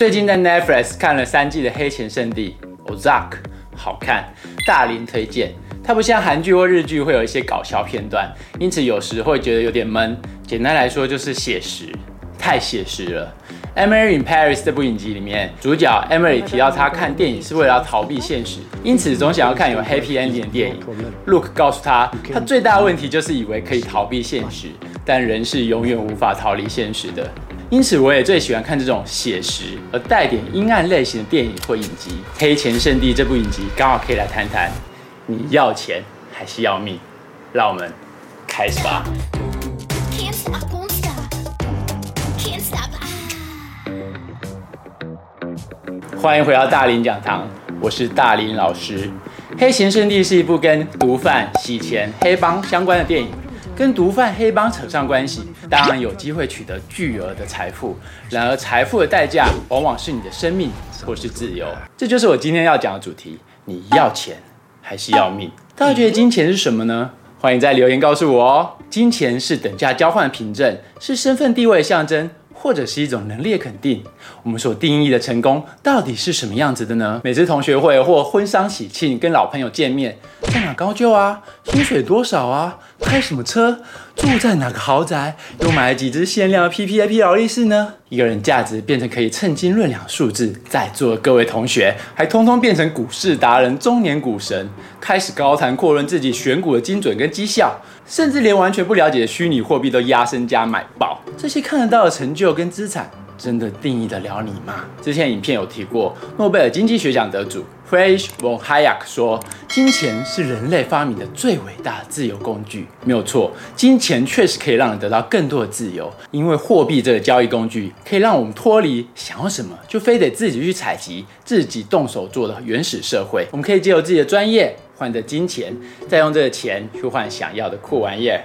最近在 Netflix 看了三季的《黑錢聖地 Ozark》，好看，大林推薦。它不像韓劇或日劇會有一些搞笑片段，因此有時會覺得有點悶。簡單來說就是寫實，太寫實了。《Emily in Paris》這部影集裡面，主角 Emily 提到他看電影是為了逃避現實，因此總想要看有 happy ending 的電影。Luc 告訴他，他最大的問題就是以為可以逃避現實，但人是永遠無法逃離現實的。因此，我也最喜歡看這種寫實而帶點陰暗類型的電影或影集。《黑錢勝地》這部影集剛好可以來談談，你要錢還是要命？讓我們開始吧。歡迎回到大林講堂，我是大林老師。《黑錢勝地》是一部跟毒販、洗錢、黑幫相關的電影。跟毒販、黑幫扯上關係，當然有機會取得巨額的財富，然而財富的代價往往是你的生命或是自由。這就是我今天要講的主題：你要錢還是要命？大家覺得金錢是什麼呢？歡迎在留言告訴我哦。金錢是等價交換的憑證，是身份地位的象徵。或者是一種能力的肯定。我們所定義的成功到底是什麼樣子的呢？每次同學會或婚喪喜慶，跟老朋友見面，在哪高就啊？薪水多少啊？開什麼車？住在哪個豪宅，又買了幾隻限量的 PP AP 勞力士呢？一個人價值變成可以稱斤論兩的數字，在座的各位同學還通通變成股市達人、中年股神，開始高談闊論自己選股的精準跟績效，甚至連完全不了解的虛擬貨幣都壓身家買爆。這些看得到的成就跟資產，真的定義得了你嗎？之前影片有提過，諾貝爾經濟學獎得主 Friedrich von Hayek 說：“金錢是人類發明的最偉大的自由工具。”沒有錯，金錢確實可以讓人得到更多的自由，因為貨幣這個交易工具，可以讓我們脫離想要什麼就非得自己去採集、自己動手做的原始社會。我們可以借由自己的專業換得金錢，再用這個錢去換想要的酷玩意兒。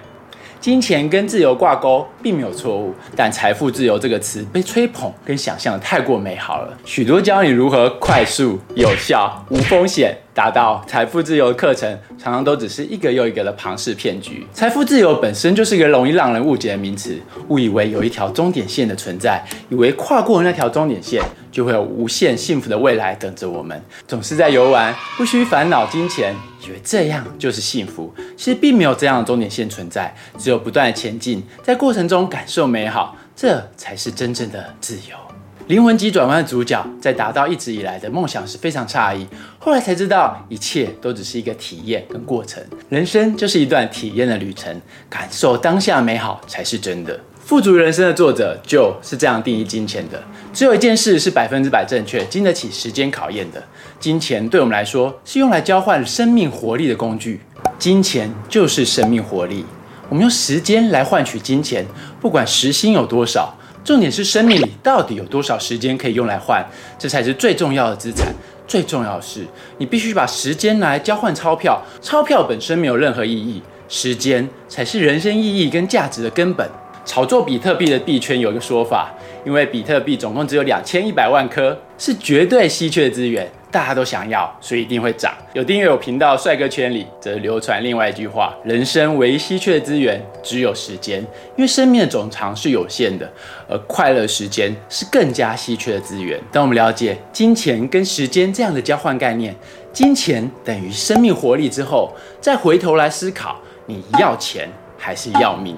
金錢跟自由掛鈎並沒有錯誤，但財富自由這個詞被吹捧，跟想象的太過美好了。許多教你如何快速、有效、無風險。達到財富自由的課程，常常都只是一個又一個的龐氏騙局。財富自由本身就是一個容易讓人誤解的名詞，誤以為有一條終點線的存在，以為跨過那條終點線就會有無限幸福的未來等着我們。總是在遊玩，不需煩惱金錢，以為這樣就是幸福。其實並沒有這樣的終點線存在，只有不斷的前進，在過程中感受美好，這才是真正的自由。靈魂急轉彎的主角在達到一直以來的夢想時非常詫異，後來才知道一切都只是一個體驗跟過程。人生就是一段體驗的旅程，感受當下美好才是真的。富足人生的作者就是這樣定義金錢的：只有一件事是百分之百正確、經得起時間考驗的，金錢對我們來說是用來交換生命活力的工具。金錢就是生命活力，我們用時間來換取金錢，不管時薪有多少。重點是生命裡到底有多少時間可以用來換，這才是最重要的資產。最重要的是，你必須把時間拿來交換鈔票，鈔票本身沒有任何意義，時間才是人生意義跟價值的根本。炒作比特幣的幣圈有一個說法，因為比特幣總共只有兩千一百萬顆，是絕對稀缺資源。大家都想要，所以一定會漲。有訂閱有頻道，帥哥圈裡則流傳另外一句話：人生唯一稀缺的資源只有時間，因為生命的總長是有限的，而快樂的時間是更加稀缺的資源。當我們了解金錢跟時間這樣的交換概念，金錢等於生命活力之後，再回頭來思考，你要錢還是要命？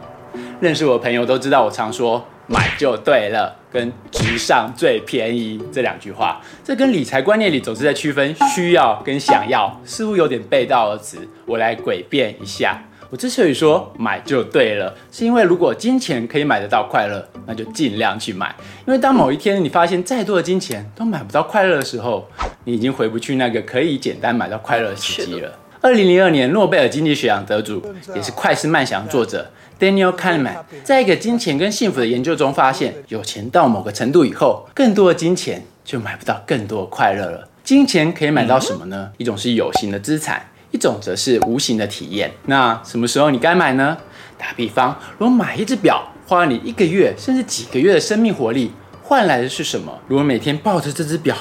認識我的朋友都知道，我常說。買就對了，跟直上最便宜這兩句話，這跟理財觀念裡總是在區分需要跟想要，似乎有點背道而馳。我來詭辯一下，我之所以說買就對了，是因為如果金錢可以買得到快樂，那就盡量去買。因為當某一天你發現再多的金錢都買不到快樂的時候，你已經回不去那個可以簡單買到快樂的時機了。二零零二年諾貝爾經濟學獎得主，也是《快思慢想》作者 Daniel Kahneman，在一個金錢跟幸福的研究中發現，有錢到某個程度以後，更多的金錢就買不到更多的快樂了。金錢可以買到什麼呢？一種是有形的資產，一種則是無形的體驗。那什麼時候你該買呢？打比方，如果買一隻表，花了你一個月甚至幾個月的生命活力。換來的是什麼？如果每天抱着這只表，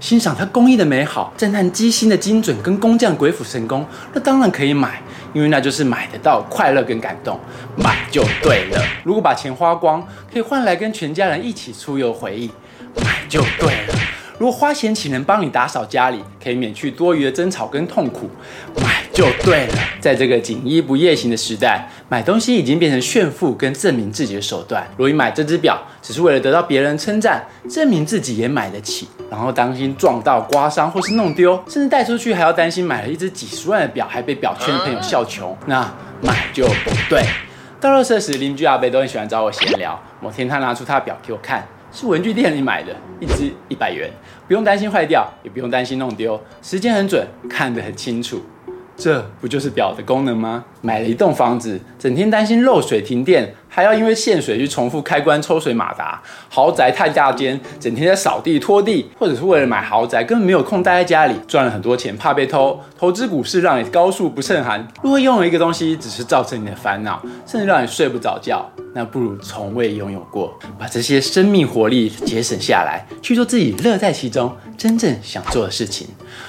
欣賞它工藝的美好，讚嘆機芯的精準跟工匠鬼斧神工，那當然可以買，因為那就是買得到快樂跟感動，買就對了。如果把錢花光，可以換來跟全家人一起出遊回憶，買就對了。如果花錢請人幫你打掃家裡，可以免去多餘的爭吵跟痛苦，買。就對了。在這個錦衣不夜行的時代，買東西已經變成炫富跟證明自己的手段。如果你買這只表只是為了得到別人稱讚，證明自己也買得起，然後擔心撞到、刮傷或是弄丟，甚至帶出去還要擔心買了一只幾十萬的表還被表圈的朋友笑窮，那買就不對。到了這時，鄰居阿伯都很喜歡找我閒聊。某天，他拿出他的表給我看，是文具店裡買的，一只一百元，不用擔心壞掉，也不用擔心弄丟，時間很準，看得很清楚。這不就是表的功能嗎？買了一棟房子，整天擔心漏水、停電。還要因為限水去重複開關抽水馬達，豪宅太大間，整天在掃地拖地，或者是為了買豪宅根本沒有空待在家裡。賺了很多錢，怕被偷，投資股市讓你高處不勝寒。如果擁有一個東西，只是造成你的煩惱，甚至讓你睡不着覺，那不如從未擁有過。把這些生命活力節省下來，去做自己樂在其中、真正想做的事情。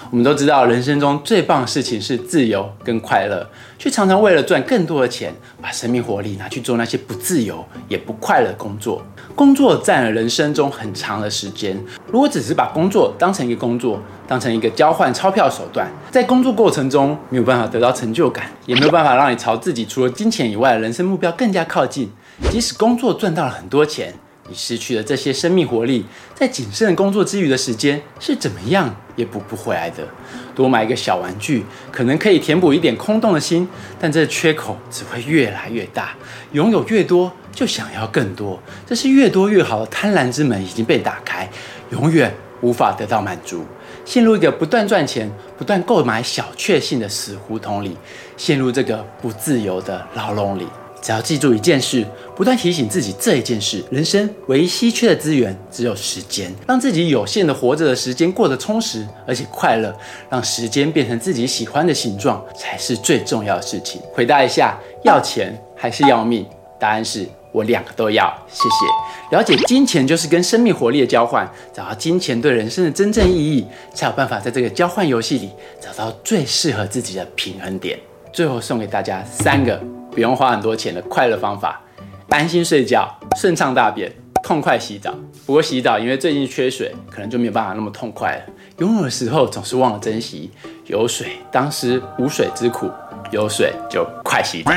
我們都知道，人生中最棒的事情是自由跟快樂，卻常常為了賺更多的錢，把生命活力拿去做那些。不自由也不快樂，工作工作佔了人生中很長的時間。如果只是把工作當成一個工作，當成一個交換鈔票手段，在工作過程中沒有辦法得到成就感，也沒有辦法讓你朝自己除了金錢以外的人生目標更加靠近。即使工作賺到了很多錢。你失去了這些生命活力，在謹慎工作之餘的時間，是怎麼樣也補不回來的。多買一個小玩具，可能可以填補一點空洞的心，但這缺口只會越來越大。擁有越多，就想要更多，這是越多越好的貪婪之門已經被打開，永遠無法得到滿足，陷入一個不斷賺錢、不斷購買小確幸的死胡同裡，陷入這個不自由的牢籠裡。只要記住一件事，不斷提醒自己這一件事，人生唯一稀缺的資源只有時間，讓自己有限的活着的時間過得充實而且快樂，讓時間變成自己喜歡的形狀，才是最重要的事情。回答一下，要錢還是要命？答案是我兩個都要。謝謝。了解金錢就是跟生命活力的交換，找到金錢對人生的真正意義，才有辦法在這個交換遊戲裡找到最適合自己的平衡點。最後送給大家三個，不用花很多錢的快樂方法，安心睡覺，順暢大便，痛快洗澡。不過洗澡，因為最近缺水，可能就沒有辦法那麼痛快了。擁有的時候總是忘了珍惜，有水，當時無水之苦；有水就快洗澡。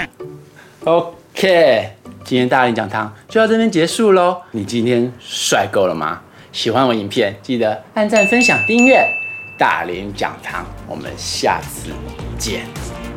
OK，今天大林講堂就到這邊結束嘍。你今天帥夠了嗎？喜歡我影片，記得按讚、分享、訂閱大林講堂。我們下次見。